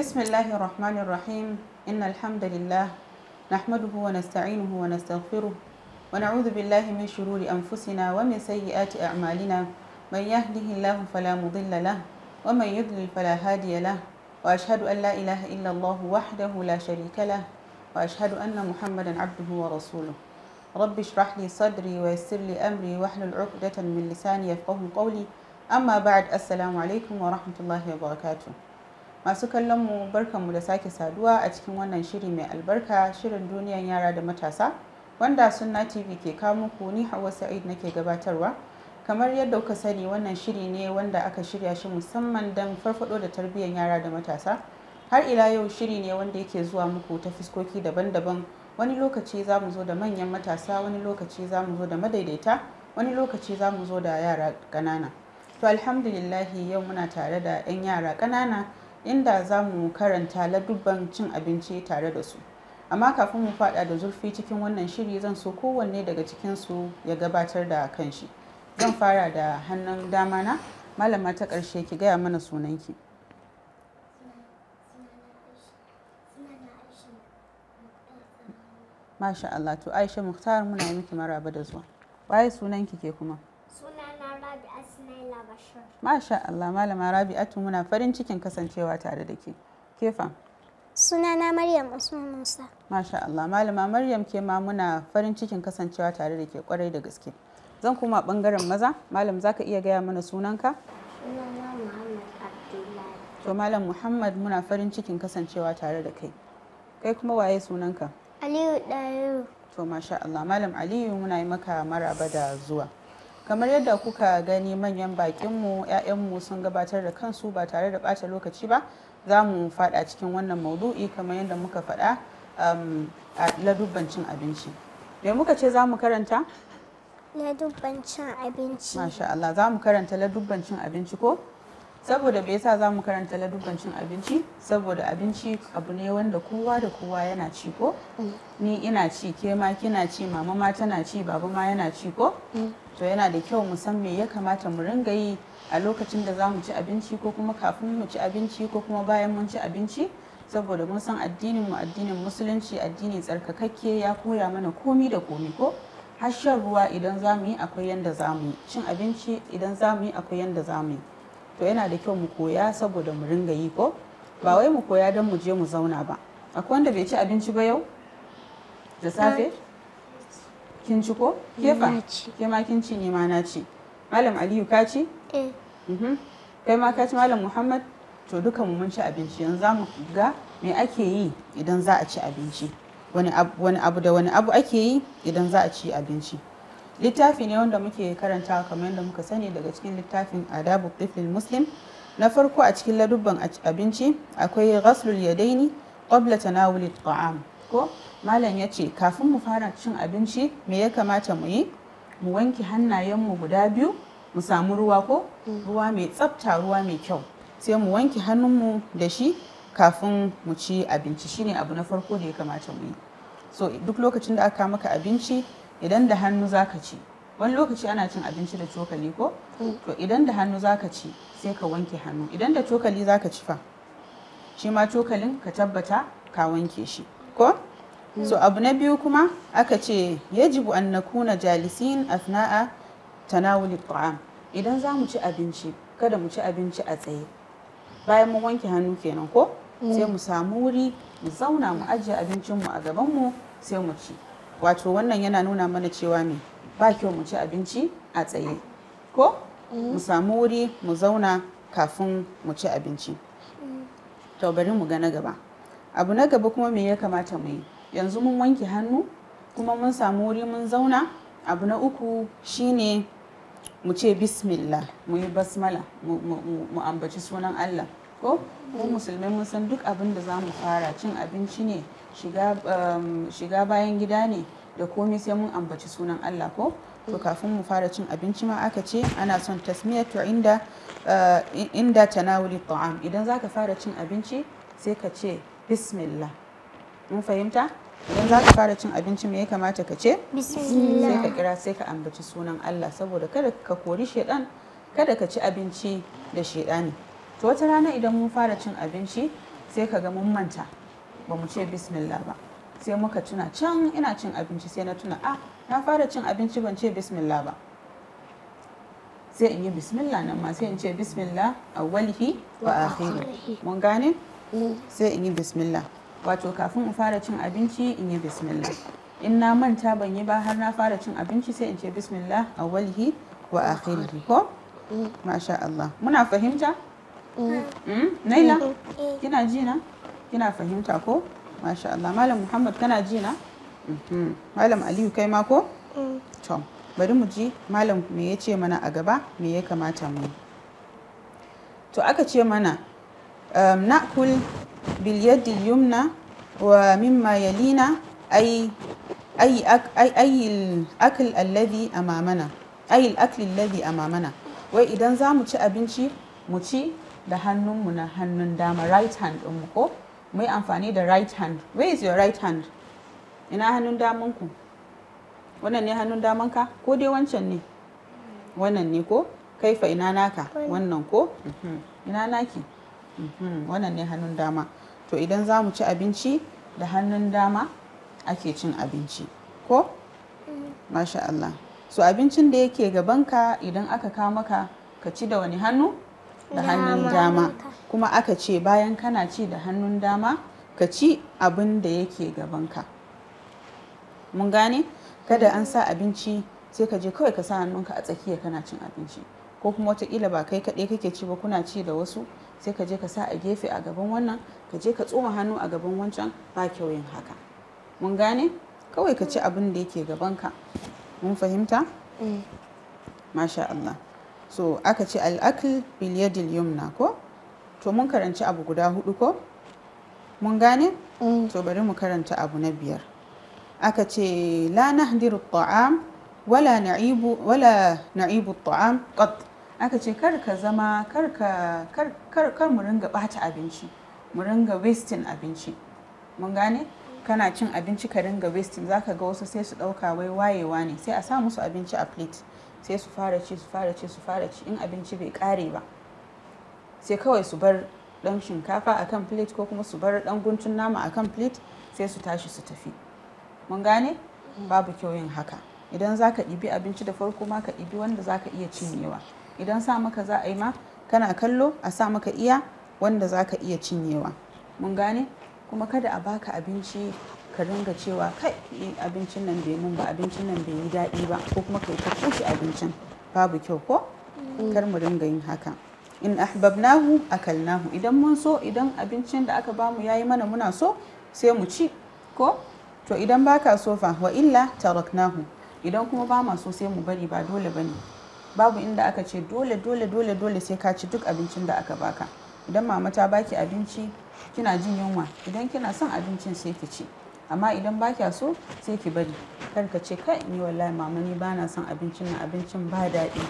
بسم الله الرحمن الرحيم إن الحمد لله نحمده ونستعينه ونستغفره ونعوذ بالله من شرور أنفسنا ومن سيئات أعمالنا من يهده الله فلا مضل له ومن يضلل فلا هادي له وأشهد أن لا إله إلا الله وحده لا شريك له وأشهد أن محمدا عبده ورسوله رب اشرح لي صدري ويسر لي أمري واحلل عقدة من لساني يفقه قولي أما بعد السلام عليكم ورحمة الله وبركاته masu kallon mu barkanmu da sake saduwa a cikin wannan shiri mai albarka shirin duniyan yara da matasa wanda sunna tv ke kawo muku ni hawa sa'id nake gabatarwa kamar yadda kuka sani wannan shiri ne wanda aka shirya shi musamman don farfado da tarbiyyar yara da matasa har ila yau shiri ne wanda yake zuwa muku ta fuskoki daban-daban wani lokaci za mu zo da manyan matasa wani lokaci za mu zo da madaidaita wani lokaci za mu zo da yara ƙanana to alhamdulillahi yau muna tare da 'yan yara ƙanana inda za mu karanta ladubban cin abinci tare da su amma kafin mu fada da zurfi cikin wannan shiri zan so kowanne daga cikin su ya gabatar da kanshi zan fara da hannun dama na malama ta karshe ki gaya mana sunanki masha Allah to Aisha Mukhtar muna miki maraba da zuwa waye sunanki ke kuma Masha Allah Malama Rabi'atu muna farin cikin kasancewa tare da ke. Kefa. Sunana Maryam Usman Musa. Masha Allah Malama Maryam ke ma muna farin cikin kasancewa tare da ke kwarai da gaske. Zan koma bangaren maza, Malam za ka iya gaya mana sunanka? Sunana Muhammad Abdullahi. To Malam Muhammad muna farin cikin kasancewa tare da kai. Kai kuma waye sunanka? Aliyu Dayo. To Masha Allah Malam Aliyu muna yi maka maraba da zuwa. kamar yadda kuka gani manyan bakinmu 'ya'yanmu sun gabatar da kansu ba tare da ɓata lokaci ba za mu faɗa cikin wannan maudu'i kamar yadda muka faɗa um, a ladubbancin abinci me muka ce za mu karanta ladubbancin abinci masha Allah za mu karanta ladubbancin abinci ko saboda bai sa za mu karanta ladubban cin abinci saboda abinci abu ne wanda kowa da kowa yana ci ko ni ina ci ke ma kina ci mama ma tana ci baba ma yana ci ko to yana da kyau mu san me ya kamata mu ringa yi a lokacin da za mu ci abinci ko kuma kafin mu ci abinci ko kuma bayan mun ci abinci saboda mun san addinin mu addinin musulunci addini tsarkakakke ya koya mana komi da komi ko har shan ruwa idan za mu yi akwai yanda mu yi cin abinci idan za mu yi akwai yanda mu yi to yana da kyau mu koya saboda mu ringa yi ko ba wai mu koya don mu je mu zauna ba akwai wanda bai ci abinci ba yau da safe kin ci ko kefa ke ma kin ci ne ma na ci malam aliyu ka ci eh mhm. kai ma ka ci malam muhammad to duka mu mun ci abinci yanzu za mu ga me ake yi idan za a ci abinci wani abu da wani abu ake yi idan za a ci abinci littafi ne wanda muke karanta kamar yadda muka sani daga cikin littafin adabu tiflil muslim na farko a cikin ladubban abinci akwai ghaslul yadaini qabla tanawuli ta'am ko malam ya ce kafin mu fara cin abinci me ya kamata mu yi mu wanke hannayenmu guda biyu mu samu ruwa ko ruwa mai tsabta ruwa mai kyau sai mu wanke hannunmu da shi kafin mu ci abinci shine abu na farko da ya kamata mu yi so duk lokacin da aka maka abinci idan da hannu zaka ci wani lokaci ana cin abinci da cokali ko to idan da hannu zaka ci sai ka wanke hannu idan da cokali zaka ci fa shi ma cokalin ka tabbata ka wanke shi ko so abu na biyu kuma aka ce yajibu an kuna jalisin na tanawuli ta'am idan za mu ci abinci kada mu ci abinci a tsaye bayan mu wanke hannu kenan ko sai mu samu wuri mu zauna mu ajiye abincinmu a gabanmu sai mu ci wato wannan yana nuna mana cewa ne ba kyau mu ci abinci a tsaye ko mu mm-hmm. samu wuri mu zauna kafin mu ci abinci to bari mu ga na gaba abu na gaba kuma me ya kamata mu yi yanzu mun wanke hannu kuma mun samu wuri mun zauna abu na uku shine mu ce bismillah mu yi basmala mu ambaci sunan allah ko mu musulmai mun san duk abin da za mu fara cin abinci ne um, shiga bayan gida ne da komai sai mun ambaci sunan Allah ko to kafin mu fara cin abinci ma aka ce ana son tasmiyatu inda uh, inda tanawuli ta'am idan zaka fara cin abinci sai ka ce bismillah mun fahimta idan za ka fara cin abinci me ya kamata ka ce sai ka kira sai ka ambaci sunan Allah saboda kada ka kori shedan kada ka ci abinci da shedani to wata rana idan mun fara cin abinci sai ka ga mun manta ba mu ce bismillah ba sai muka tuna can ina cin abinci sai na tuna a ah, na fara cin abinci ban ce bismillah ba sai in yi bismillah nan ma sai in ce bismillah walhi wa akhiri mun gane sai in yi bismillah wato kafin in fara cin abinci in yi bismillah in na manta ban yi ba har na fara cin abinci sai in ce bismillah walhi wa akhiri ko masha Allah muna fahimta Mm? Naila? Kina ji na? Kina fahimta ko? Masha Allah. Malam Muhammad kana ji na? Mm-hmm. Malam Aliyu kai ma ko? Mm. To, bari mu ji malam me ya ce mana a gaba me ya kamata mu To aka ce mana um, na'kul bilyadi yumna wa mimma yalina ay ay ay alladhi amamana ay alladhi amamana wai idan za mu ci abinci mu ci da hannunmu na hannun dama right hand mu ko mu yi amfani da right hand where is your right hand ina hannun damanku wannan ne hannun damanka ko dai wancan ne wannan ne ko kaifa ina naka wannan ko mhm. ina naki mhm. wannan ne hannun dama to idan za mu ci abinci da hannun dama ake cin abinci ko mm. masha Allah so abincin da yake gabanka idan aka kawo maka ka ci da wani hannu da hannun dama kuma aka ce bayan kana ci da hannun dama ka ci abin da yake gabanka mun gane kada an sa abinci sai ka je kawai ka sa hannunka a tsakiya kana cin abinci ko kuma wataƙila ba kai kaɗai kake ci ba kuna ci da wasu sai ka je ka sa a gefe a gaban wannan ka je ka tsoma hannu a gaban wancan ba kyau yin haka mun gane kawai ka ci abin da yake gabanka mun fahimta eh. masha Allah so aka ce al'akil biliyadil yumna ko to mun karanci abu guda hudu ko mun gane to mm. bari mu karanta abu na biyar aka ce la nahdiru ta'am wala na'ibu wala na'ibu ta'am qat aka ce kar ka zama kar ka kar kar mu ringa bata abinci mu ringa wasting abinci mun gane kana cin abinci ka ringa wasting zaka ga wasu sai su dauka wai wayewa ne sai a sa musu abinci a plate sai su fara ci su fara ci su fara ci in abinci bai kare ba sai kawai su bar dan shinkafa a kan plate ko kuma su bar dan guntun nama a kan plate sai su tashi su tafi mun gane babu kyau yin haka idan za ka ɗibi abinci da farko ma ka ɗibi wanda za ka iya cinyewa idan sa maka za a yi ma kana kallo a sa maka iya wanda za ka iya cinyewa mun gane kuma kada a baka abinci ka ringa cewa kai abincin nan bai mun ba abincin nan bai yi daɗi ba ko kuma kai ta kushe abincin babu kyau ko mm. kar mu ringa yin haka in ahbabnahu akalnahu idan mun so idan abincin da aka bamu yayi mana muna so sai mu ci ko to idan baka so fa wa illa taraknahu idan kuma ba ma so sai mu bari ba dole bane babu inda aka ce dole dole dole dole sai ka ci duk abincin da aka baka idan mama ta baki abinci kina jin yunwa idan kina son abincin sai ki ci amma idan ba kya so sai ki bari kar ka ce kai ni wallahi mama ni bana son abincin na abincin ba daɗi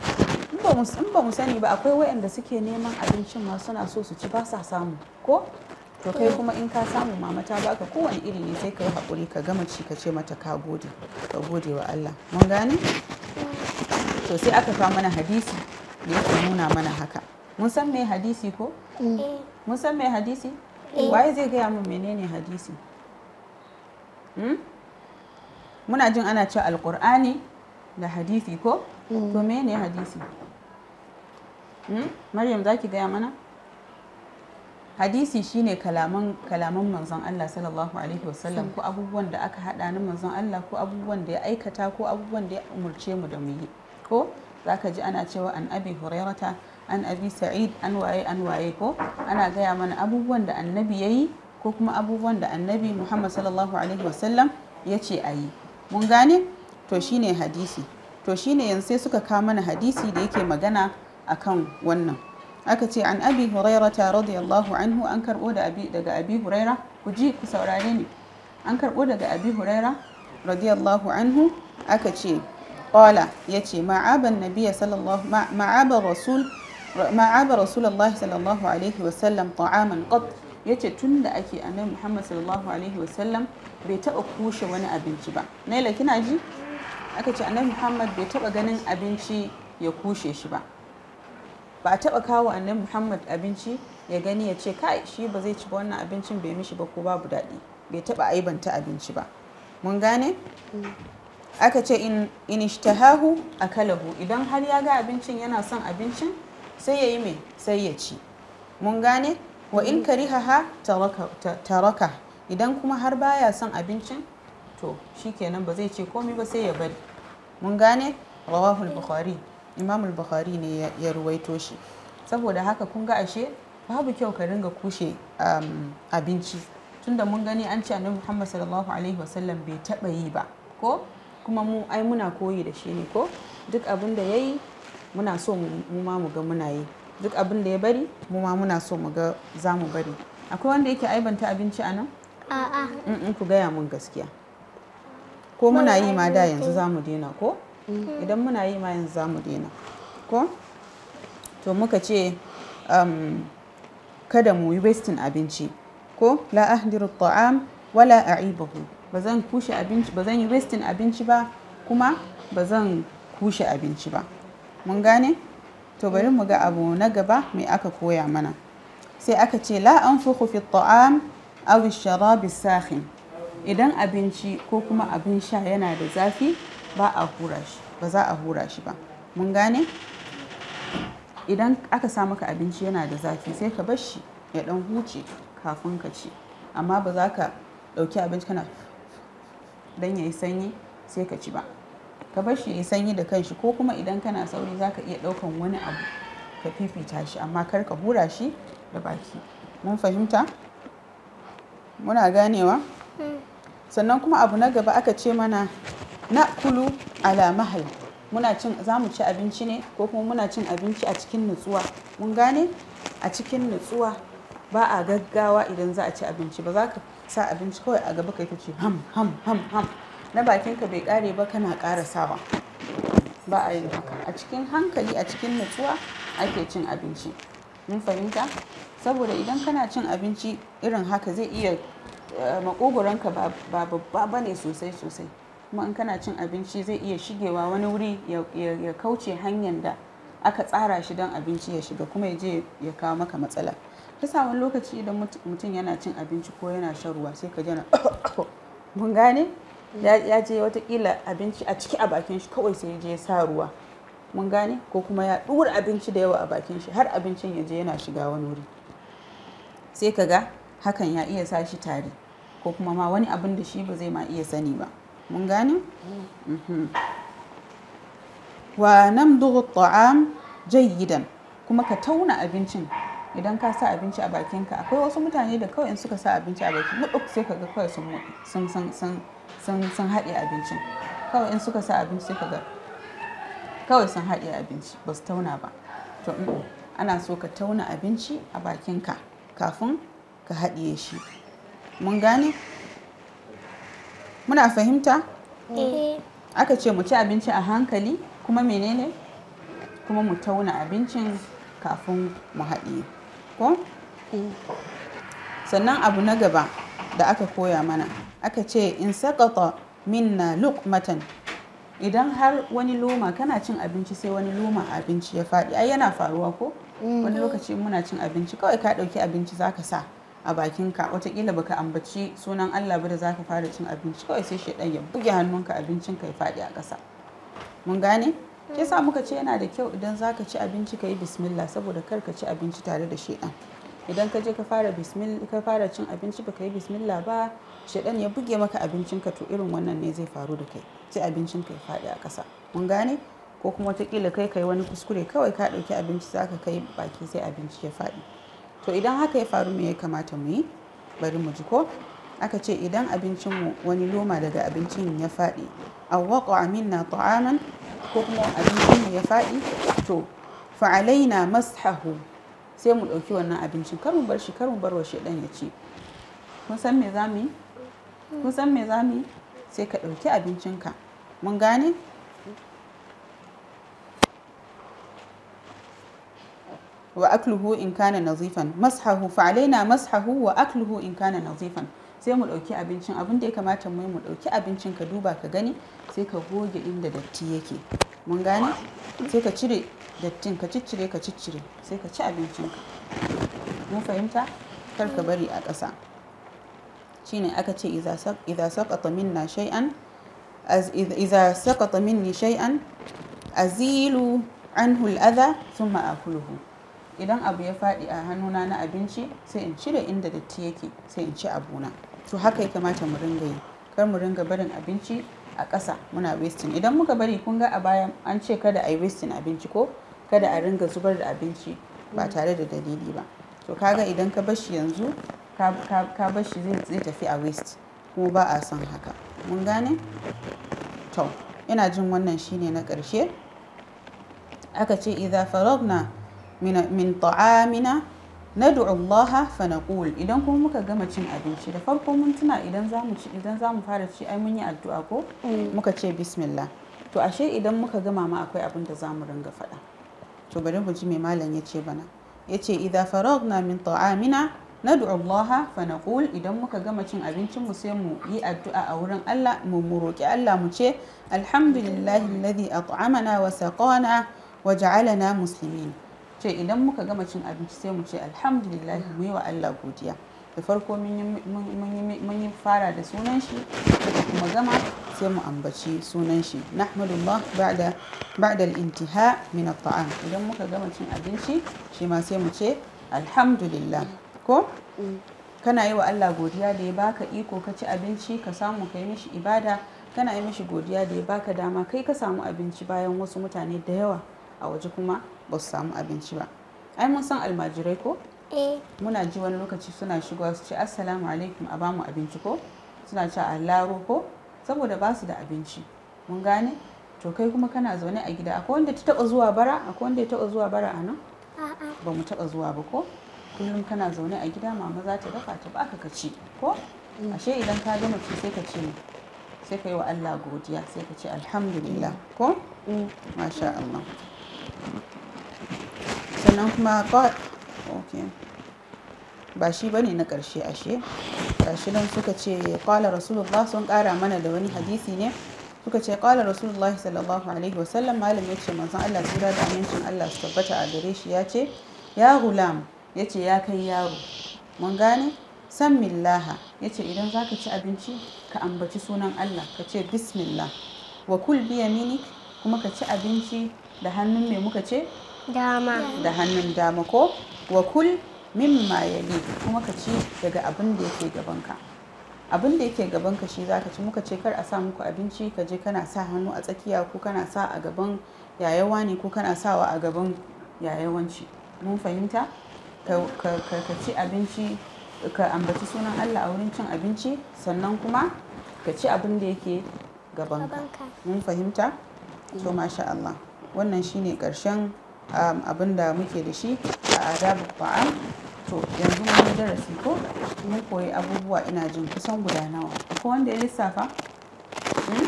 in ba mu sani ba akwai wayanda suke neman abincin ma suna so su ci ba sa samu ko to kai kuma in ka samu mama ta baka kowane iri ne sai ka yi haƙuri ka gama ci ka ce mata ka gode ka gode wa Allah mun gane to sai aka fa mana hadisi da yake nuna mana haka mun san me hadisi ko eh. mun san me hadisi eh. waye zai gaya mun menene hadisi Hmm? muna jin ana cewa alkur'ani da hadisi ko hmm. to mene hadisi hmm? maryam za ki gaya mana hadisi shine kalaman kalaman manzon Allah sallallahu alaihi wasallam ko abubuwan da aka hada ni manzon Allah ko abubuwan da ya aikata ko abubuwan da ya umurce mu da mu yi ko zaka ji ana cewa an abi hurairata an abi sa'id an waye an waye ko ana gaya mana abubuwan da annabi ya yi. ko kuma abubuwan da annabi muhammad sallallahu alaihi wasallam ya ce a yi mun gane to shine hadisi to shine yanzu sai suka kawo mana hadisi da yake magana akan wannan aka ce an abi hurairata radiyallahu anhu an karbo daga abi huraira ku ji ku saurare ni an karbo daga abi huraira radiyallahu anhu aka ce qala yace ma'aban nabiyya sallallahu ma'aba rasul ma'aba rasulullahi sallallahu alaihi wa sallam ta'aman qat ya ce tun da ake annabi muhammad sallallahu alaihi wasallam bai taba kushe wani abinci ba naila kina ji aka ce annabi muhammad bai taba ganin abinci ya kushe shi ba ba a taɓa kawo annabi muhammad abinci ya gani ya ce kai shi ba zai ci ba wannan abincin bai mishi ba ko babu daɗi bai taɓa aibanta abinci ba mun gane aka ce in ishtahahu kalahu idan har ya ga abincin yana son abincin sai ya yi mai sai ya ci mun gane wa in ha taraka idan kuma har baya son abincin to shi kenan ba zai ce komai ba sai ya bari mun gane rawahu al-bukhari imam bukhari ne ya ruwaito shi saboda haka kun ga ashe babu kyau ka ringa kushe um, abinci tunda mun gani an ce annabi Muhammad sallallahu alaihi wasallam bai taba yi ba ko kuma mu ai muna koyi da shi ne ko duk abin da yayi muna so mu ma mu ga muna yi duk abin da ya bari mu ma muna so mu ga za mu bari akwai wanda yake aibanta abinci a nan a'a in ku gaya mun gaskiya ko muna yi ma da yanzu za mu daina ko mm-hmm. idan muna yi ma yanzu za mu daina ko to muka ce um, kada mu yi wasting abinci ko la ahdiru ta'am wala a'ibahu ba zan ba zan yi wasting abinci ba kuma ba zan kushe abinci ba mun gane to bari mu ga abu na gaba mai aka koya mana sai aka ce la an fi ta'am aw sharabi sakhin idan abinci ko kuma abin sha yana da zafi ba a hura shi ba za a hura shi ba mun gane idan aka sa maka abinci yana da zafi sai ka bar shi ya dan huce kafin ka ci amma ba za ka dauki abinci kana dan yayi sanyi sai ka ci ba ka bar shi ya sanyi da kanshi ko kuma idan kana sauri za ka iya ɗaukan wani abu ka fifita shi amma kar ka hura shi da baki mun fahimta muna ganewa sannan kuma abu na gaba aka ce mana na kulu ala mahal muna cin za mu ci abinci ne ko kuma muna cin abinci a cikin nutsuwa mun gane a cikin nutsuwa ba a gaggawa idan za a ci abinci ba za ka sa abinci kawai a gaba kai ta ce ham ham ham ham na bakinka bai kare ba kana karasawa ba a yin haka a cikin hankali a cikin nutsuwa ake cin abinci mun fahimta saboda idan kana cin abinci irin haka zai iya eh, makogoranka ba babba ba ne sosai sosai kuma in kana cin abinci zai iya shigewa wani wuri ya kauce hanyar da aka tsara shi don abinci ya shiga kuma ya je ya kawo maka matsala ta samun lokaci idan mutum yana cin abinci ko yana shan ruwa sai ka jana mun gane ya je watakila abinci a ciki a bakin shi kawai sai ya je sa ruwa mun gane ko kuma ya ɗura abinci da yawa a bakin shi har abincin ya je yana shiga wani wuri sai ka ga hakan ya iya sa shi tari ko kuma ma wani abin da shi ba zai ma iya sani ba mun gane mhm. wa namdughu ta'am jayyidan kuma ka tauna abincin idan ka sa abinci a bakinka akwai wasu mutane da kawai in suka sa abinci a bakin, ka sai ka ga kawai sun sun haɗe abincin kawai in suka sa abinci sai ka ga kawai sun haɗe abinci ba su tauna ba to mm, ana so ka tauna abinci a bakinka kafin ka haɗiye shi mun gane muna fahimta eh. aka ce mu ci abinci a hankali kuma menene kuma mu tauna abincin kafin mu haɗiye ko sannan abu na gaba da aka koya mana aka ce in sakata minna matan idan har wani loma kana cin abinci sai wani loma abinci ya faɗi ai yana faruwa ko mm-hmm. wani lokaci muna cin abinci kawai ka ɗauki abinci zaka sa a bakinka watakila baka ambaci sunan Allah ba da zaka fara cin abinci kawai sai shaidan ya buge hannunka abincinka ya faɗi a ƙasa mun gane ke sa muka ce yana da kyau idan za ka ci abinci ka yi bismillah saboda kar ka ci abinci tare da shaidan idan ka je ka fara cin abinci baka yi bismillah ba shaidan ya buge maka abincinka to irin wannan ne zai faru da kai sai abincinka ya faɗi a ƙasa mun gane ko kuma wataƙila kai kai wani kuskure kawai ka ɗauki abinci za ka kai baki sai abinci ya faɗi to idan haka ya faru me ya kamata mu yi bari mu ji ko aka ce idan abincinmu wani loma daga abincin ya faɗi awwaqa minna ta'aman ko kuma abincinmu ya faɗi to fa'alaina mashahu sai mu ɗauki wannan abincin kar mu bar shi kar mu bar wa shaidan ya ci kun san me za mu kun san me za mu sai ka ɗauki abincinka mun gane wa akluhu in kana nazifan mashahu fa'alaina mashahu wa akluhu in kana nazifan sai mu ɗauki abincin abin da ya kamata mu mu ɗauki abincin ka duba ka gani sai ka goge inda datti yake mun gane sai ka cire dattin ka ciccire ka ciccire sai ka ci abincin ka mun fahimta kar ka bari a ƙasa shine aka ce idza saqata minna shay'an idza saqata minni shay'an azilu anhu al'adha thumma akuluhu idan abu ya faɗi a hannuna na abinci sai in cire inda datti yake sai in ci abuna to haka ya kamata mu ringa yi kar mu ringa barin abinci a ƙasa muna wasting idan muka bari kun ga a baya an ce kada a yi wasting abinci ko kada a ringa zubar da abinci ba tare da dalili ba to kaga idan ka bashi yanzu ka bashi zai tafi a waste kuma ba a son haka mun gane to ina jin wannan shine na ƙarshe aka ce idza faragna min ta'amina nad'u Allah fa idan kuma muka gama cin abinci da farko mun tuna idan zamu ci idan zamu fara ci ai mun yi addu'a ko mm. muka ce bismillah to ashe idan muka gama ma akwai abin da zamu ringa faɗa to bari mu ji me malam ya ce bana yace idza faragna min ta'amina nad'u Allah fa idan muka gama cin abincin mu sai mu yi addu'a a wurin Allah mu roki Allah mu ce alhamdulillahi alladhi at'amana wa saqana wa ja'alana muslimin ce idan muka gama cin abinci sai mu ce alhamdulillah mu yi wa Allah godiya da farko mun yi fara da sunan shi daga kuma gama sai mu ambaci sunan shi na ba'da ba da intiha min taam idan muka gama cin abinci shi ma sai mu ce alhamdulillah ko kana yi wa Allah godiya da ya baka iko ka ci abinci ka samu ka yi mishi ibada kana yi mishi godiya da ya baka dama kai ka samu abinci bayan wasu mutane da yawa a waje kuma ba su samu abinci ba ai mun san almajirai ko eh. muna ji wani lokaci suna shigowa su ce assalamu alaikum a bamu abinci ko suna ci a laro ko saboda ba su da abinci mun gane to kai kuma kana zaune a gida akwai wanda ta taba zuwa bara akwai wanda ya taba zuwa bara a nan ba mu taba zuwa ba ko kullum kana zaune a gida mama za ta dafa ta baka ka ci ko mm. ashe idan ka gama ci sai ka ce sai ka yi wa Allah godiya sai ka ce alhamdulillah ko mm. masha Allah sannan kuma ok ba shi ba ne na ƙarshe ashe gashi nan suka ce ƙwala rasulullah sun ƙara mana da wani hadisi ne suka ce ƙwala rasulullah sallallahu alaihi wasallam malam ya ce manzon allah tsira da amincin allah su tabbata a gare shi ya ce ya gulam ya ce ya kai yaro mun gane san millaha ya ce idan za ka ci abinci ka ambaci sunan allah ka ce bismillah wa kul biya minik kuma ka ci abinci da hannun mai muka ce dama da hannun dama ko wa kul mimma yali kuma ka ci daga abin da yake gabanka abin da yake gabanka shi zaka ci muka ce kar a sa muku abinci ka je kana sa hannu a tsakiya ko kana sa a gaban yayawa ne ko kana sawa a gaban yayawanci mun fahimta ka ci abinci ka ambaci sunan Allah a wurin cin abinci sannan kuma ka ci abin da yake gabanka mun fahimta to masha Allah wannan shine karshen Um, abin da muke da shi a adabu ba'am to yanzu mun yi darasi ko mun koyi abubuwa ina jin kusan guda nawa akwai wanda ya lissafa hmm?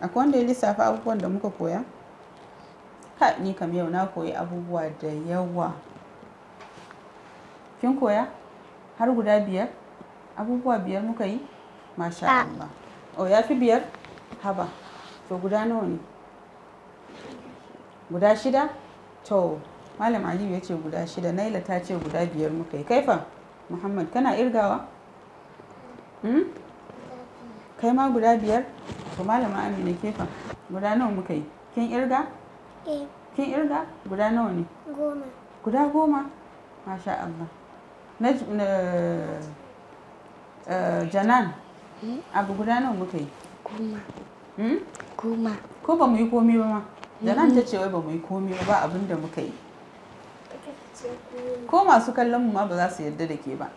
akwai wanda ya lissafa abubuwan da muka koya ha ni kam yau na koyi abubuwa da yawa kin koya har guda biyar abubuwa biyar muka yi masha ah. Allah o oh, ya fi biyar haba to guda nawa ne guda shida to malam aliyu ya ce guda shida naila ta ce guda biyar muka yi kaifa muhammad kana irgawa hmm? kai ma guda biyar to malama amina kefa guda nawa muka yi kin irga eh. kin irga guda nawa ne goma guda goma masha allah na eh, janan hmm? abu guda nawa muka yi hmm? goma ko ba mu yi komi ba ma janan mm-hmm. ta ce wai ba mu yi komi ba abin da muka yi ko masu kallon mu ma ba za su yarda da ke ba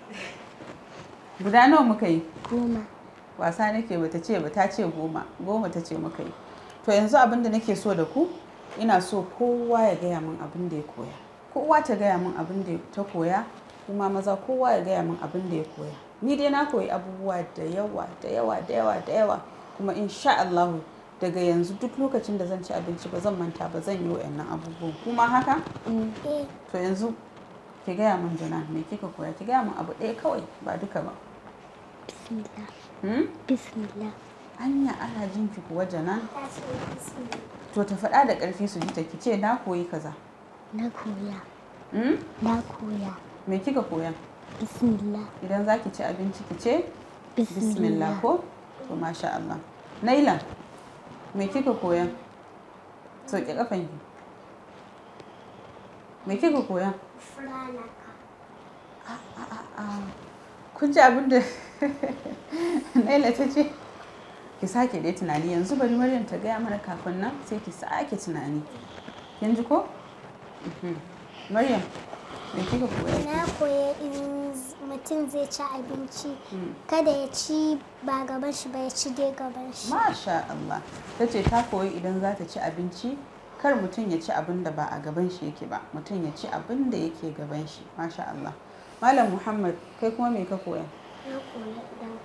guda nawa muka yi goma wasa nake ba ta ce ba ta ce goma goma ta ce muka yi to yanzu abin da nake so da ku ina so kowa ya gaya min abin da ya koya kowa ta gaya min abin da ta koya kuma maza kowa ya gaya min abin da ya koya ni dai na koyi abubuwa da yawa da yawa da yawa da yawa kuma insha Allahu daga yanzu duk lokacin da zan ci abinci ba zan manta ba zan yi wa'annan abubuwan kuma haka to yanzu ki gaya min jana me kika koya ki gaya min abu ɗaya kawai ba duka ba bismillah hmm? bismillah anya ana jin ki kuwa jana to ta faɗa da ƙarfi su ji ta ki ce na koyi kaza na koya hmm? na koya me kika koya bismillah idan za ki ci abinci ki ce bismillah ko to masha Allah Naila me kika koya sauke ki me kika koya ah, ah, ah. kun ji abin da naila ta ce ki sake dai tunani yanzu bari maryam ta gaya mana kafin nan sai ki sake tunani yanzu ko mhm. maryam na koya in mutum zai ci abinci hmm. kada ya ci ba gaban shi ba ya ci dai gaban shi masha Allah ta ce ta koyi idan za ta ci abinci kar mutum ya ci abin da ba a gaban shi yake ba mutum ya ci abin da yake gaban shi masha Allah malam Muhammad kai kuma me ka koya na koya idan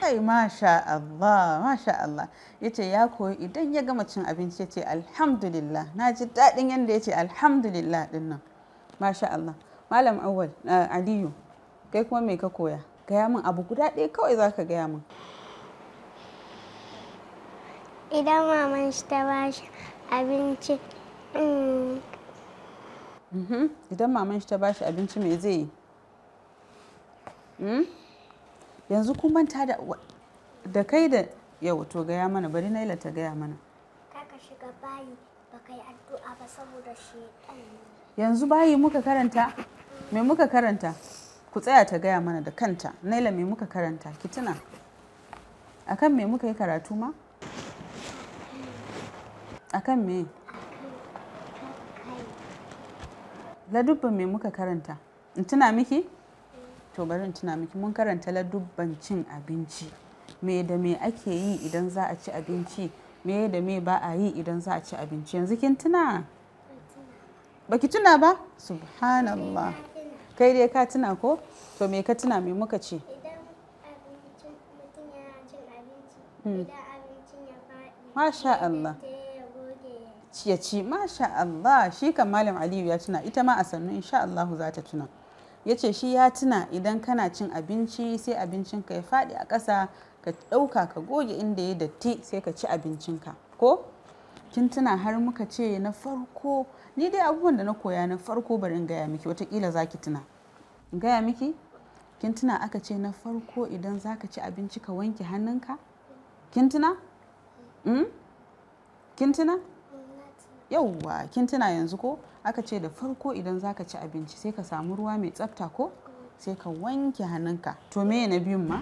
kai masha Allah masha Allah yace ya koyi idan ya gama cin abinci yace alhamdulillah na ji daɗin yadda yace alhamdulillah dinnan nan masha Allah malam awal eh, aliyu kai kuma me ka koya gaya min abu guda ɗaya kawai za ka gaya min idan maman shi ta ba shi abinci mm. mm-hmm. idan maman shi ta ba shi abinci me zai yi Hmm? yanzu kun manta da da kai da yau to gaya mana bari na ta gaya mana kaka shiga bayi ba kai addu'a ba saboda shedan yanzu bayi muka karanta me muka karanta ku tsaya ta gaya mana da kanta naila me muka karanta ki tuna akan me muka yi karatu ma akan me ladubba me muka karanta in tuna miki to bari tuna miki mun karanta ladubban cin abinci me da me ake yi idan za a ci abinci me da me ba a yi idan za a ci abinci yanzu kin tuna baki tuna ba subhanallah kai dai ka tuna ko to me ka tuna me muka ce hmm. Masha Allah. Ya ci, Masha Allah, shi kan Malam Aliyu ya tuna, ita ma a sannu insha Allah za ta tuna. ya ce shi ya tuna idan kana cin abinci sai abincin ka ya faɗi a ƙasa ka ɗauka ka goge inda ya datti sai ka ci abincinka ko kin tuna har muka ce na farko ni dai abubuwan da na koya na farko bari in gaya miki watakila za ki tuna in gaya miki kin tuna aka ce na farko idan za ka ci abinci ka wanke hannunka kin tuna hmm? kin tuna yauwa kin tuna yanzu ko aka ce da farko idan zaka ci abinci sai ka samu ruwa mai tsafta ko sai ka wanke hannunka to me na biyun ma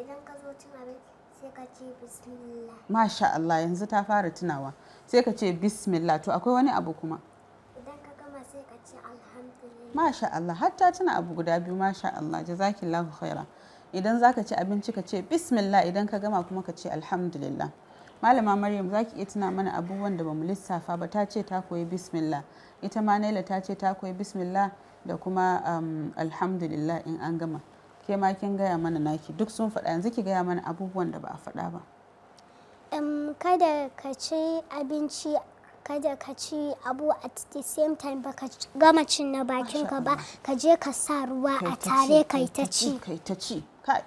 idan ka zo cin abinci sai ka ce bismillah masha Allah yanzu ta fara tunawa sai ka ce bismillah to akwai wani abu kuma idan ka gama sai ka ce alhamdulillah masha Allah hatta tana abu guda biyu masha Allah jazakillahu khaira idan zaka ci abinci ka ce bismillah idan ka gama kuma ka ce alhamdulillah malama maryam za ki iya tuna mana abubuwan da bamu lissafa ba ta ce ta koyi bismillah ita ma naila ta ce ta koyi bismillah da kuma um, alhamdulillah in an gama ke ma kin gaya mana naki duk sun faɗa yanzu ki gaya mana abubuwan da ba a faɗa ba kada ka ci abinci kada ka ci abu at the same time ba ka gama cin na bakin ka ba ka je ka sa ruwa a tare kai ta ci kai ta ci kai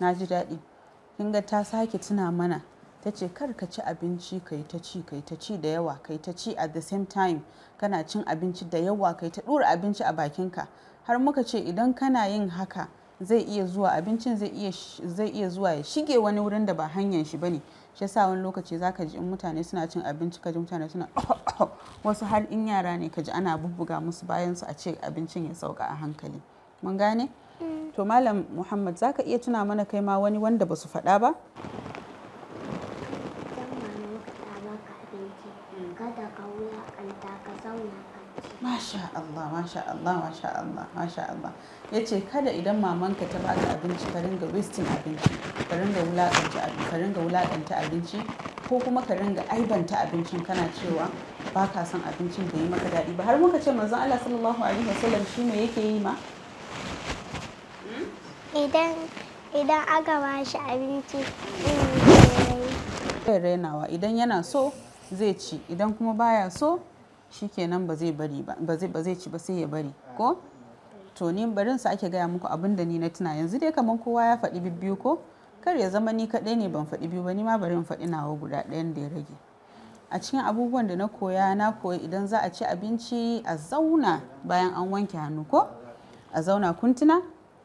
na ji daɗi kin ga ta sake tuna mana ta ce kar ka ci abinci kai ta ci kai ta ci da yawa kai ta ci at the same time kana cin abinci da yawa kai ta dura abinci a bakinka har muka ce idan kana yin haka zai iya zuwa abincin zai iya zuwa ya shige wani wurin da ba hanyar shi bane shi yasa wani lokaci zaka ji in mutane suna cin abinci ka ji mutane suna wasu har in yara ne ka ji ana bubbuga musu bayan su a ce abincin ya sauka a hankali mun gane mm. to malam muhammad zaka iya tuna mana kai ma wani wanda basu faɗa ba masha Allah masha Allah masha Allah ya ce kada idan mamanka ta baka abinci ka ringa wasting abinci ka ringa wulakanta abinci ka ringa wulakanta abinci ko kuma ka ringa aibanta abincin kana cewa ba ka son abincin da yi maka daɗi ba har muka ce manzon Allah sallallahu alaihi wasallam shi me yake yi ma idan idan aka ba shi abinci zai rainawa idan yana so zai ci idan kuma baya so shikenan ba zai bari ba ba zai ci ba sai ya bari ko to ni barin sa ake gaya muku abin da ni na tuna yanzu dai kamar kowa ya faɗi bibbiyu ko kar ya zama ni kaɗai ne ban faɗi biyu ba ni ma bari in faɗi nawa guda ɗayan da ya rage a cikin abubuwan da na koya na koya idan za a ci abinci a zauna bayan an wanke hannu ko a zauna kuntuna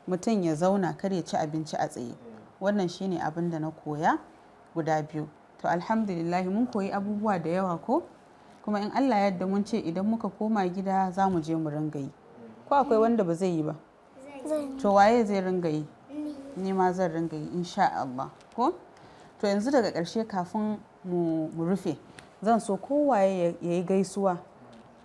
mutum ya zauna kar ya ci abinci a tsaye wannan shine abin da na koya guda biyu to alhamdulillah mun koyi abubuwa da yawa ko kuma in allah yadda mun ce idan muka koma gida za mu je mu ringa yi ko akwai wanda ba zai yi ba to waye zai ringa yi ni ma zan ringa yi insha allah ko to yanzu daga karshe kafin mu rufe zan so kowaye ya yi gaisuwa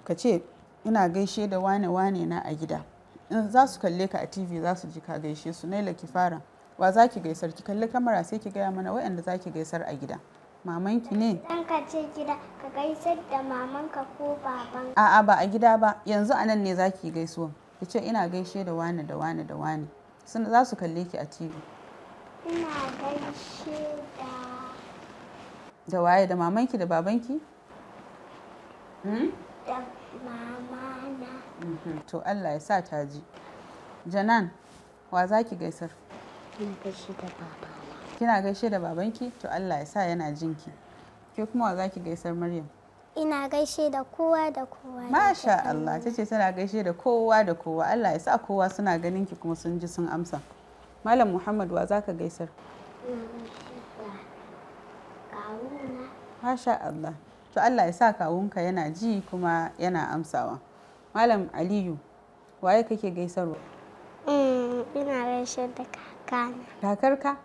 ka ce ina gaishe da wane wane na a gida in za su kalle ka a tv za su ji ka gaishe su naila ki fara wa za ki gaisar ki kalli kamara sai ki gaya mana waɗanda za ki gaisar a gida mamanki ne? Dan ka ce gida ka gaisar da mamanka ko baban. A'a ba a gida ba yanzu anan ne za ki gaisuwa. Ki ce ina gaishe da wani da wani da wani. Sun za su kalle ki a TV. Ina gaishe da. Da waye da mamanki da babanki? Hmm? Da mamana. Mm-hmm. To Allah ya sa ta ji. Janan, wa za ki gaisar? Ina gaishe da baba. Kina gaishe da babanki? To Allah ya sa yana jinki. Ke kuma wa zaki gaisar Maryam? Ina gaishe da kowa da kowa. Masha Allah, tace tana gaishe da kowa da kowa. Allah ya sa kowa suna ganin ki kuma sun ji sun amsa. Malam Muhammad wa zaka gaisar? Masha Allah. To Allah ya sa kawunka yana ji kuma yana amsawa. Malam Aliyu, waye kake gaisarwa? Mm, ina gaishe da kakana. Kakarka?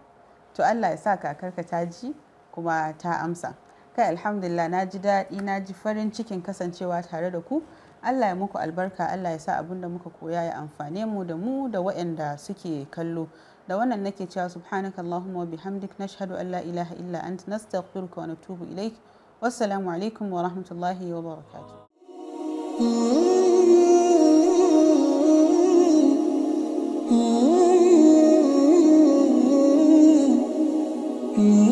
to Allah ya sa kakarka ta ji kuma ta amsa kai alhamdulillah na ji daɗi na ji farin cikin kasancewa tare da ku Allah ya muku albarka Allah ya sa abin da muka koya ya amfane mu da mu da waɗanda suke kallo da wannan nake cewa subhanaka allahumma wa bihamdik nashhadu an la ilaha illa anta nastaghfiruka wa natubu ilaik wassalamu alaikum wa rahmatullahi wa barakatuh Mm-hmm. mm-hmm. Mm-hmm.